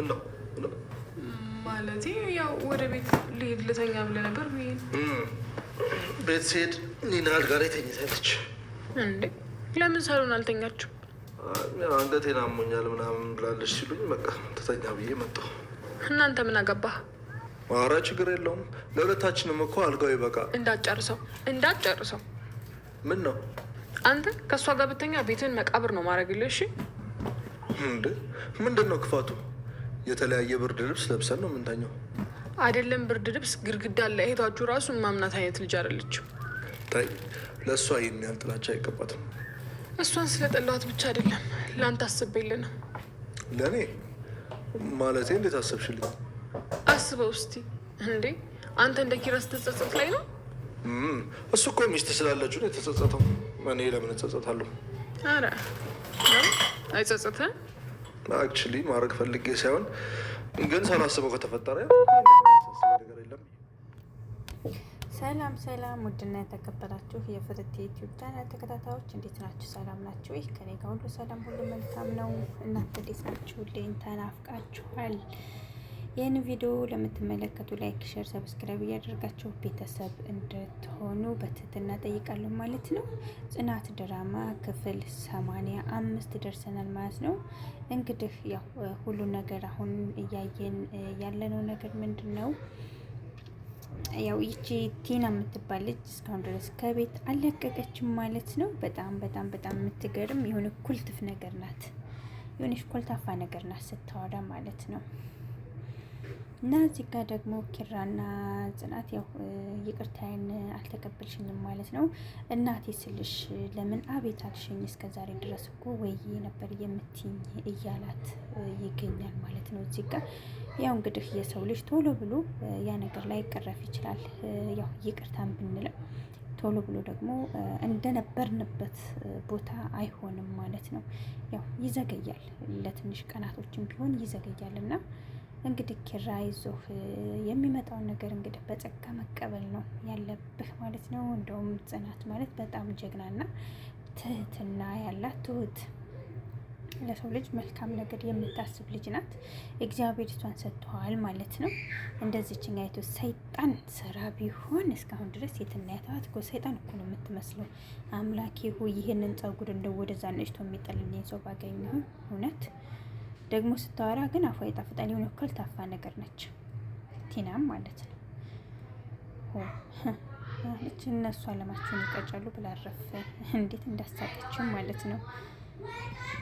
እና ማለቴ ያው ወደ ቤት ልሄድ ልተኛ ብለህ ነበር። ቤት ስሄድ ኒና አልጋ ላይ ተኝታለች። እንዴ ለምን ሳሎን አልተኛችም? አንገቴን አሞኛል ምናምን ብላለች ሲሉኝ በቃ ተተኛ ብዬ መጣሁ። እናንተ ምን አገባህ? ኧረ ችግር የለውም ለሁለታችንም እኮ አልጋው ይበቃ። እንዳትጨርሰው እንዳትጨርሰው። ምን ነው አንተ ከእሷ ጋር ብተኛ ቤትን መቃብር ነው ማድረግልህ። እሺ እንዴ ምንድን ነው ክፋቱ? የተለያየ ብርድ ልብስ ለብሰን ነው የምንተኛው። አይደለም ብርድ ልብስ ግድግዳ አለ። እህታችሁ ራሱን ማምናት አይነት ልጅ አይደለችም። ታይ ለእሷ ይህን ያህል ጥላቻ አይገባትም። እሷን ስለጠላዋት ብቻ አይደለም ለአንተ አስቤልህ ነው። ለእኔ ማለቴ እንዴት አሰብሽልኝ? አስበው እስቲ እንዴ አንተ እንደ ኪራስ ስትጸጸት ላይ ነው። እሱ እኮ ሚስት ስላለችው ነው የተጸጸተው። እኔ ለምን እጸጸታለሁ? አረ አይጸጸተ አክቹሊ ማድረግ ፈልጌ ሳይሆን ግን ሳላስበው ከተፈጠረ ነገር የለም። ሰላም ሰላም፣ ውድና የተከበራችሁ የፍርት ዩቲዩብ ቻናል ተከታታዮች እንዴት ናችሁ? ሰላም ናችሁ? ይህ ከኔ ጋር ሁሉ ሰላም፣ ሁሉ መልካም ነው። እናንተ እንዴት ናችሁ ናችሁልኝ? ተናፍቃችኋል። ይህን ቪዲዮ ለምትመለከቱ ላይክ፣ ሸር፣ ሰብስክራይብ እያደርጋችሁ ቤተሰብ እንድትሆኑ በትህትና ጠይቃለሁ ማለት ነው። ጽናት ድራማ ክፍል ሰማንያ አምስት ደርሰናል ማለት ነው። እንግዲህ ያው ሁሉ ነገር አሁን እያየን ያለነው ነገር ምንድን ነው? ያው ይቺ ቲና የምትባል ልጅ እስካሁን ድረስ ከቤት አለቀቀችም ማለት ነው። በጣም በጣም በጣም የምትገርም የሆነ ኩልትፍ ነገር ናት። የሆነች ኮልታፋ ነገር ናት ስታወራ ማለት ነው። እና እዚህ ጋር ደግሞ ኪራና ጽናት ያው ይቅርታዬን አልተቀበልሽኝም ማለት ነው እናቴ ስልሽ ለምን አቤት አልሽኝ እስከ ዛሬ ድረስ እኮ ወይ ነበር የምትኝ እያላት ይገኛል ማለት ነው። እዚህ ጋር ያው እንግዲህ የሰው ልጅ ቶሎ ብሎ ያ ነገር ላይ ይቀረፍ ይችላል። ያው ይቅርታን ብንለው ቶሎ ብሎ ደግሞ እንደነበርንበት ቦታ አይሆንም ማለት ነው። ያው ይዘገያል፣ ለትንሽ ቀናቶችም ቢሆን ይዘገያል እና እንግዲህ ኪራ ይዞህ የሚመጣውን ነገር እንግዲህ በጸጋ መቀበል ነው ያለብህ ማለት ነው። እንደውም ጽናት ማለት በጣም ጀግናና ትህትና ያላት ትሁት ለሰው ልጅ መልካም ነገር የምታስብ ልጅ ናት። እግዚአብሔር እሷን ሰጥተዋል ማለት ነው። እንደዚችኛ አይቶ ሰይጣን ስራ ቢሆን እስካሁን ድረስ የትና ያተዋት እኮ ሰይጣን እኮ ነው የምትመስለው። አምላኬ ሆይ ይህንን ጸጉር እንደው ወደዛ ነጭቶ የሚጠልልኝ ሰው ባገኘሁ እውነት ደግሞ ስታወራ ግን አፏ ይጣፍጣል። የሆነ ኮልታፋ ነገር ነች ቲናም ማለት ነው። ልጅ እነሱ አለማቸውን ይቀጫሉ ብላ እንዴት እንዳሳቀችው ማለት ነው።